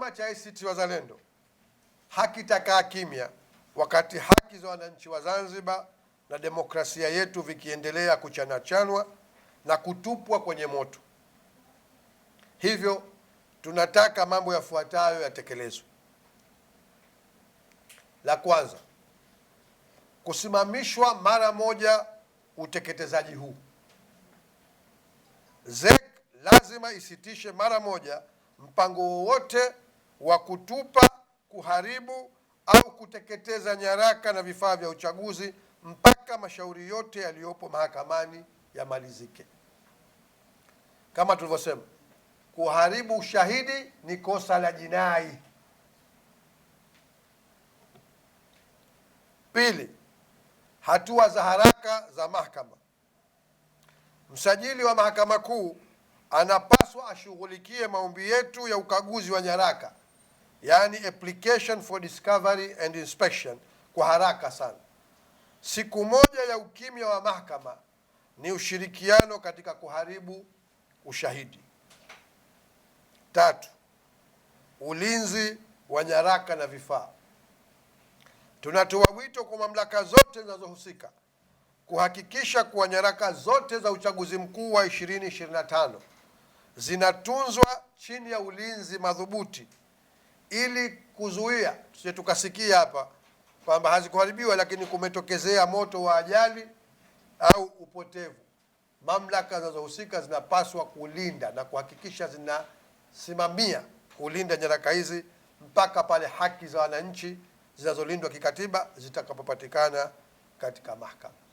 Chama cha ACT Wazalendo hakitakaa kimya wakati haki za wananchi wa Zanzibar na demokrasia yetu vikiendelea kuchanachanwa na kutupwa kwenye moto. Hivyo tunataka mambo yafuatayo yatekelezwe. La kwanza, kusimamishwa mara moja uteketezaji huu. ZEC lazima isitishe mara moja mpango wowote wa kutupa, kuharibu au kuteketeza nyaraka na vifaa vya uchaguzi mpaka mashauri yote yaliyopo mahakamani yamalizike. Kama tulivyosema, kuharibu ushahidi ni kosa la jinai. Pili, hatua za haraka za mahakama. Msajili wa Mahakama Kuu anapaswa ashughulikie maombi yetu ya ukaguzi wa nyaraka yani application for discovery and inspection kwa haraka sana. Siku moja ya ukimya wa mahakama ni ushirikiano katika kuharibu ushahidi. Tatu, ulinzi wa nyaraka na vifaa. Tunatoa wito kwa mamlaka zote zinazohusika kuhakikisha kuwa nyaraka zote za uchaguzi mkuu wa 2025 zinatunzwa chini ya ulinzi madhubuti ili kuzuia tusije tukasikia hapa kwamba hazikuharibiwa, lakini kumetokezea moto wa ajali au upotevu. Mamlaka zinazohusika zinapaswa kulinda na kuhakikisha zinasimamia kulinda nyaraka hizi mpaka pale haki za wananchi zinazolindwa kikatiba zitakapopatikana katika mahakama.